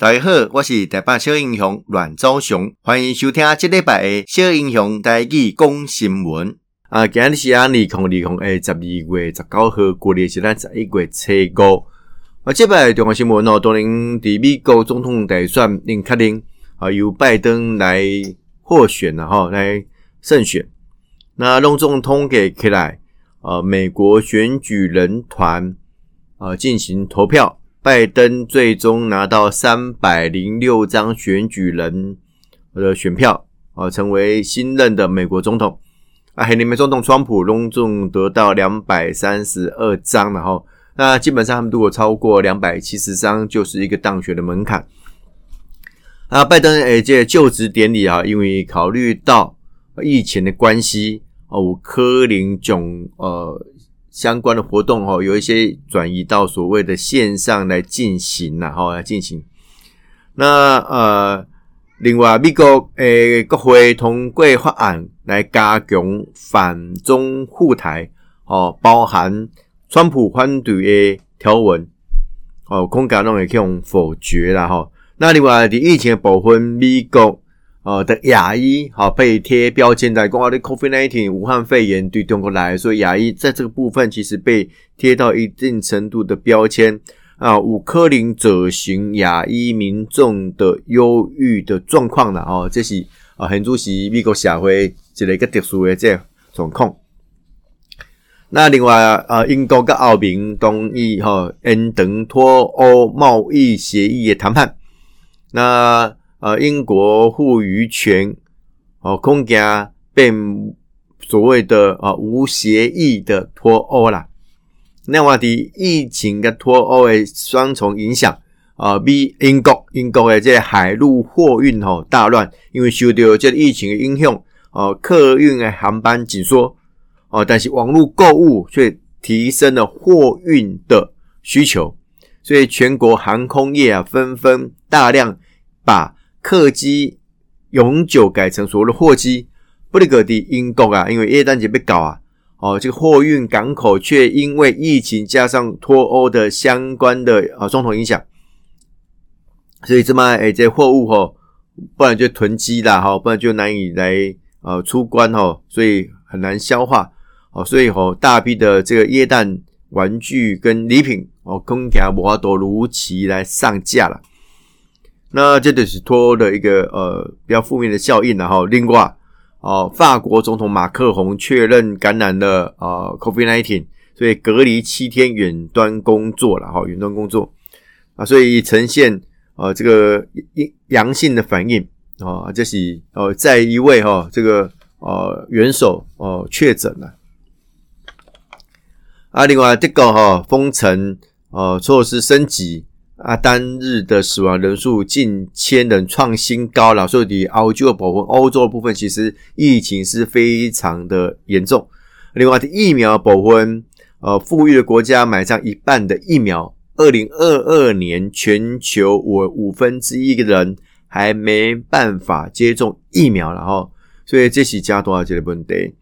大家好，我是台北小英雄阮昭雄，歡迎收聽這禮拜嘅小英雄台語講新聞、啊欸。啊，今日是阿尼克尼克誒十二月十九號，過曆是咱十一月初五。啊，這擺重要新聞哦，當年佇美國總統大選，林肯啊由拜登來獲選，然、啊、後來勝選。那攏總統計起來，啊，美國選舉人團啊進行投票。拜登最終拿到三百零六張選舉人的選票啊、呃，成為新任的美國總統啊。前美國總統川普隆重得到兩百三十二張，然後那基本上如果超過兩百七十張就是一個當選的門檻啊。拜登誒，這、呃、就職典禮啊，因為考慮到疫情的關係啊，柯林·總呃。相關的活動哈、哦，有一些轉移到所謂的線上來進行了哈、哦，來進行。那呃，另外美國誒國會通過法案來加強反中護台哦，包含川普反對的條文哦，恐驚攏會去用否決了哈、哦。那另外，佇疫情的部分，美國。哦，的亞裔好被貼標籤在，國外的 Covid-19 武漢肺炎對中國來說，亞裔在這個部分其實被貼到一定程度的標籤啊，五顆林者型亞裔民眾的憂鬱的狀況了哦，這是啊，很足是美國社會一個特殊的這狀況。那另外啊，英國跟歐盟同意哈延長脫歐貿易協議的談判，那。呃、啊，英國護漁權哦，恐變所謂的啊無協議的脫歐啦。那話題疫情的脫歐的雙重影響啊，比英國英國的這海陸貨運吼大亂，因為受到這疫情的影響哦、啊，客運的航班緊縮哦，但是網絡購物卻提升了貨運的需求，所以全國航空業啊紛紛大量把。客機永久改成所謂的貨機，布列格的英國啊，因為耶誕節被搞啊，哦，這個貨運港口卻因為疫情加上脫歐的相關的啊雙重影響，所以這麼誒這貨物吼、哦，不然就囤積了哈、哦，不然就難以來呃、哦、出關哦，所以很難消化哦，所以吼、哦、大批的這個耶誕玩具跟禮品哦，空調摩托如期來上架了。那這就是脫歐的一個呃比較負面的效應然、啊、後另外，哦、啊，法國總統馬克宏確認感染了啊 COVID-19，所以隔離七天，遠端工作了哈，遠、啊、端工作啊，所以呈現呃、啊、這個陽性的反應啊，這是呃在、啊、一位哈、啊、這個呃、啊、元首呃確診了。啊，另外這個哈、啊、封城呃、啊、措施升級。啊，單日的死亡人數近千人，創新高了。所以，歐洲的部分，歐洲的部分其實疫情是非常的嚴重。另外，疫苗的部分，呃，富裕的國家買上一半的疫苗。二零二二年，全球我五分之一的人還沒辦法接種疫苗了吼。所以，這是加多少級的部隊？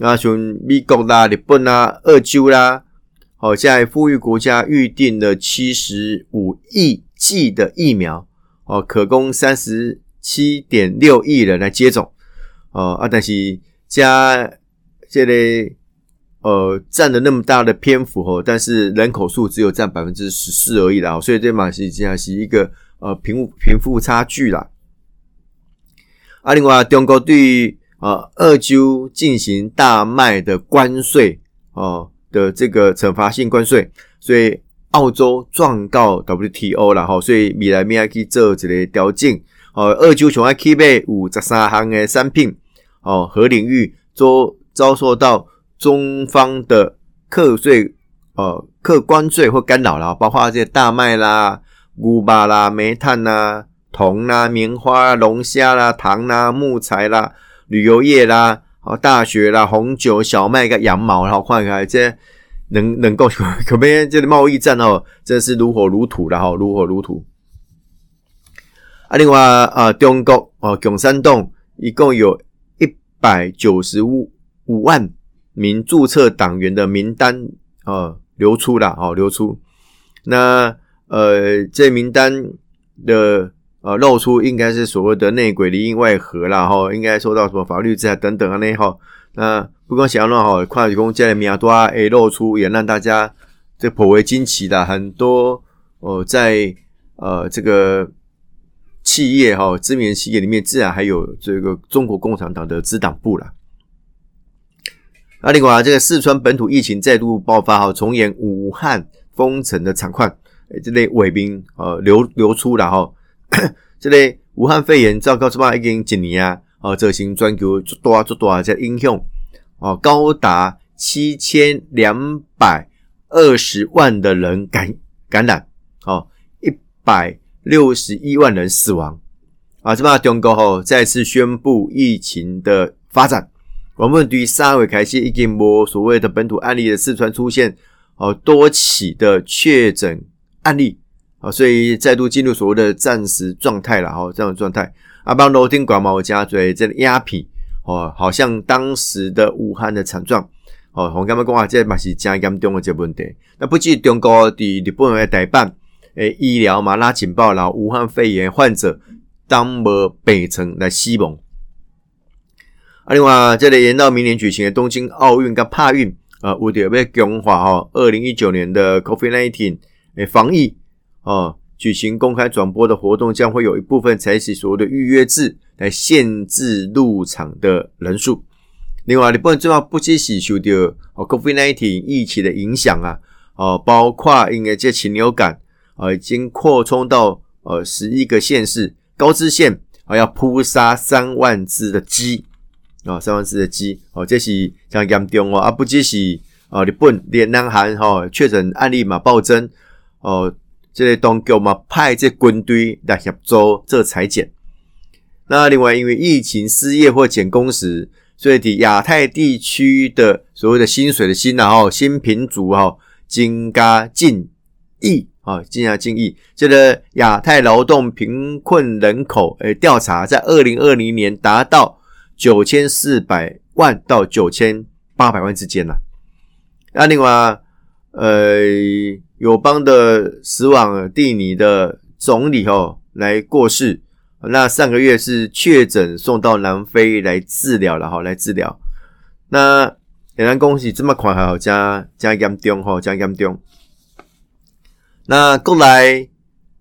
那從美國啦、啊、日本啦、啊、歐洲啦、啊。好，哦、現在富裕國家預定了七十五億劑的疫苗，哦，可供三十七點六億人來接種。哦，啊，但是加這類，呃，占了那麼大的篇幅，哦，但是人口數只有占百分之十四而已啦，所以對馬西現是一個呃貧貧富，富差距啦。啊，另外，中國對啊，澳洲進行大麥的關稅，哦、呃。的這個懲罰性關稅，所以澳洲狀告 WTO，然後所以米來米阿基這之類刁禁，二九洲從阿基貝五十三行的商品，哦，和領域遭遭受到中方的課稅，呃，課關稅或干擾了，包括這些大麥啦、烏巴啦、煤炭啦、銅啦、棉花、龍蝦啦、糖啦、木材啦、旅遊業啦。大學啦，紅酒、小麥、跟羊毛，然後看看這能能夠可別這裡貿易戰哦，真是如火如荼啦！吼，如火如荼。啊，另外啊，中國哦，共產黨一共有一百九十五五萬名註冊黨員的名單哦、啊，流出啦！哦、啊，流出。那呃，這名單的。呃，露出應該是所謂的內鬼裡應外合啦，哈，應該受到什麼法律制裁等等啊，那哈，那不光是怎樣，這樣哈，跨國公司也多啊，誒，露出也讓大家這頗為驚奇啦很多，哦、呃，在呃這個企業哈，知名企業裡面，自然還有這個中國共產黨的支黨部了。啊，另外這個四川本土疫情再度爆發，哈，重演武漢封城的慘況，這類偽兵呃流流出啦，然後。 這類武漢肺炎，糟糕，這嘛已經一年啊，哦，造成全球多啊多啊這影響，哦，高達七千兩百二十萬的人感感染，哦，一百六十一萬人死亡，啊，這嘛中國、哦、再次宣布疫情的發展，我們對於三月開始已經沒有所謂的本土案例的四川出現，哦，多起的確診案例。啊，所以再度進入所謂的戰時狀態了。吼，這樣的狀態啊，羅樓梯拐毛加嘴，這壓品吼，好像當時的武漢的慘狀哦。我剛剛講啊，這嘛是正嚴重個一個問題。那不僅中國佇日本嘅代辦誒醫療嘛拉情報，然後武漢肺炎患者當沒病床來吸攏啊。另外，這裡、個、延到明年舉行的東京奧運跟帕運啊，有特別強化哈。二零一九年的 COVID nineteen 誒防疫。哦，舉行公開轉播的活動將會有一部分採取所謂的預約制來限制入場的人數。另外，日本這邊不只是受到 COVID-19 疫情的影響啊，哦，包括因為這禽流感、哦、已經擴充到呃十一個縣市，高知縣還要撲殺三萬只的雞啊，三萬只的雞哦，哦，這是像嚴重哦，啊，不只是哦日本連南韓確診案例嘛暴增哦。即係東京也派這軍隊來協助做裁剪，那另外因為疫情失業或減工時，所以在亞太地區的所謂的薪水的薪然後薪貧族啊，增、啊、加近億啊，增加近億，這個亞太勞動貧困人口誒調查，在二零二零年達到九千四百萬到九千八百萬之間啦、啊。那另外，誒、呃。友邦的史瓦蒂尼的總理吼、哦、來過世。那上個月是確診，送到南非來治療了哈，來治療。那令人恭喜，這麼快還好，加加嚴重哈，加嚴重。那過來誒、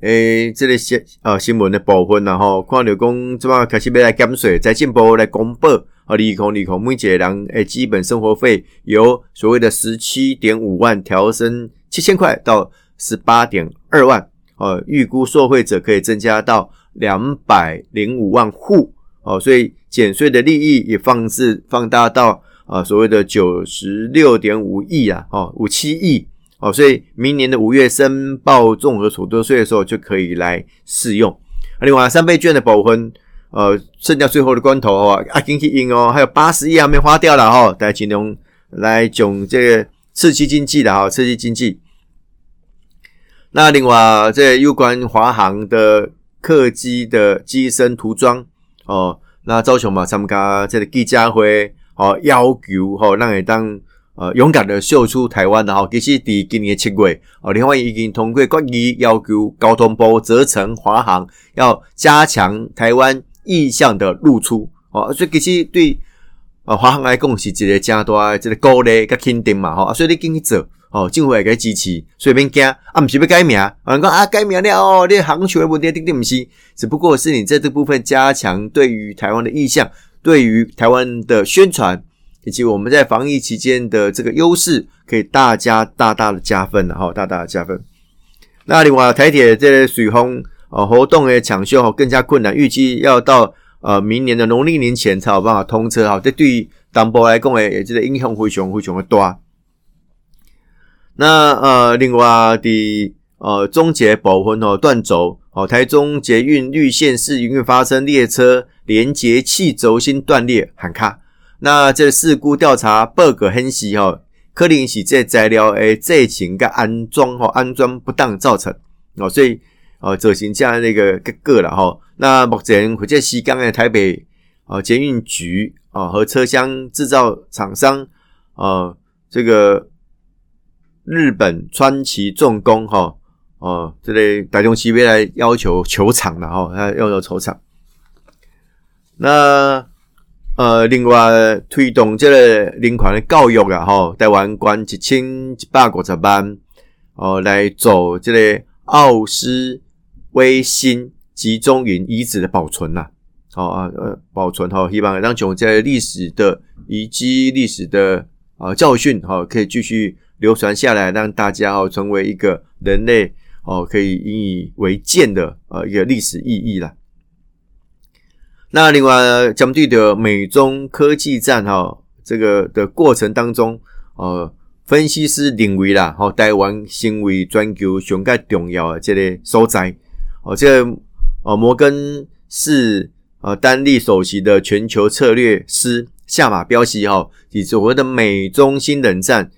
欸，這個、哦、新呃新聞的部分然後，看到工怎麼開始要來減稅，再進步來公布啊，你可你可每一個人誒基本生活費由所謂的十七點五萬調升。七千塊到十八點二萬，呃、哦，預估受惠者可以增加到兩百零五萬戶，哦，所以減稅的利益也放置放大到，呃、啊，所謂的九十六點五億啊，哦，五七億，哦，所以明年的五月申報綜合所得稅的時候就可以來適用。啊、另外，三倍券的保分，呃，剩下最後的關頭哦，阿金記英哦，還有八十億還沒花掉了哦，大家請儂來囧這個刺激經濟的哈，刺激經濟。那另外，這有關華航的客機的機身塗裝哦，那昭雄嘛，參加家這個記者會，哦，要求哈、哦，讓會當呃勇敢的秀出台灣然後、哦，其實，佇今年七月哦，另外已經通過決議要求，交通部責成華航要加強台灣意象的露出哦，所以其實對呃、哦，華航來講是一個加大的這個鼓勵跟肯定嘛哈、哦，所以你繼續做。哦，政府也可以支持，隨便講啊，唔是要改名啊？講啊，改名了哦，你的行情會權問題點點唔是？只不過是你在這部分加強對於台灣的意向，對於台灣的宣傳，以及我們在防疫期間的這個優勢，可以大家大大的加分了哈、哦，大大的加分。那另外台鐵這水洪呃活動的搶修哦，更加困難，預計要到呃明年的農曆年前才有辦法通車哈。這對於東部來講，哎，這個影響非常非常的大。那呃，另外的呃，中捷部分哦，斷軸哦，台中捷運綠線試營運，發生列車連接器軸心斷裂喊卡。那這事故調查報告分析哦，可能引起這材料的製程個安裝哈、哦，安裝不當造成哦，所以哦，造成這樣的那個個個了哈。那目前或者西港的台北哦，捷運局哦和車廂製造廠商呃、哦、這個。日本川崎重工，吼、哦，哦，這個台中市府來要求求償啦，吼、哦，他要求求償。那呃，另外推動這個人權的教育啊，吼、哦，在台灣一千一百五十萬，哦，來做這個奧斯威辛集中營遺址的保存啦，哦啊呃，保存哈、哦，希望讓全在歷史的遺跡、歷史的啊、呃、教訓，哈、哦，可以繼續。流傳下來，讓大家哦成為一個人類哦可以引以為鑑的呃一個歷史意義了。那另外，講到的美中科技戰哈，這個的過程當中，呃，分析師認為啦，哦，台灣成為全球最重要啊這個所在。哦，這個呃摩根士呃丹利首席的全球策略師夏馬標西哈，以所謂的美中新冷戰。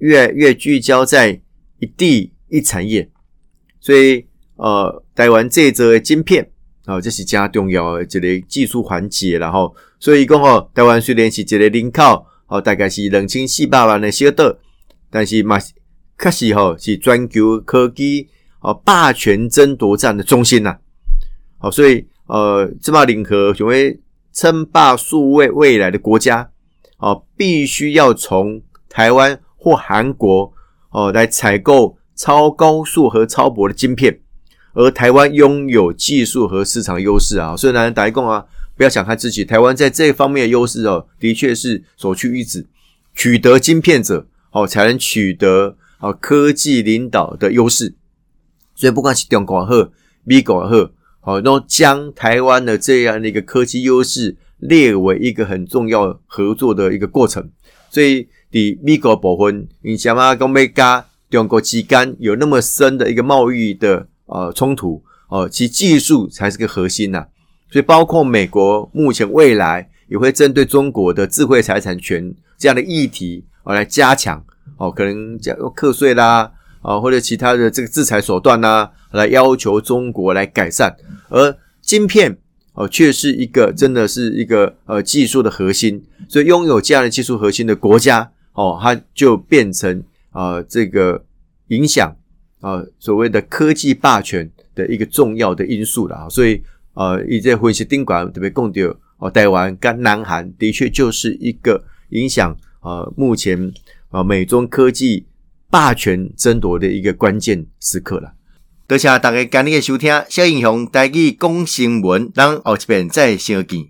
越越聚焦在一地一產業，所以呃，台灣這一則的晶片啊、哦，這是加重要的一個技術環節，然、哦、後所以講哦，台灣雖然是一個人口、哦、大概是兩千四百萬的小島，但是嘛，開始吼是全、哦、球科技哦霸權爭奪戰的中心吶、啊，好、哦，所以呃，自貿聯合成為稱霸數位未，未來的國家，哦，必須要從台灣。或韓國哦來採購超高速和超薄的晶片，而台灣擁有技術和市場優勢啊。所以一共啊不要小看自己，台灣在這方面的優勢哦，的確是首屈一指。取得晶片者，好、哦、才能取得啊、哦、科技領導的優勢。所以不管是中國也好，美國也好、哦、好都將台灣的這樣的一個科技優勢列為一個很重要合作的一個過程。所以。的美國的部分，你想嘛，講美國、中國之間有那麼深的一個貿易的呃衝突呃，其技術才是個核心吶、啊。所以包括美國目前未來也會針對中國的智慧財產權這樣的議題哦、呃、來加強哦、呃，可能加用課稅啦啊、呃，或者其他的這個制裁手段吶、啊，來要求中國來改善。而晶片哦卻、呃、是一個真的是一個呃技術的核心，所以擁有這樣的技術核心的國家。哦，它就變成啊、呃，這個影響啊、呃，所謂的科技霸權的一個重要的因素了啊。所以啊，一、呃、些、這個、分析師特別講到哦、呃，台灣跟南韓的確就是一個影響啊、呃，目前啊、呃，美中科技霸權爭奪的一個關鍵時刻了。多謝大家今天的收聽，小英雄帶你講新聞，讓奧奇變再相見。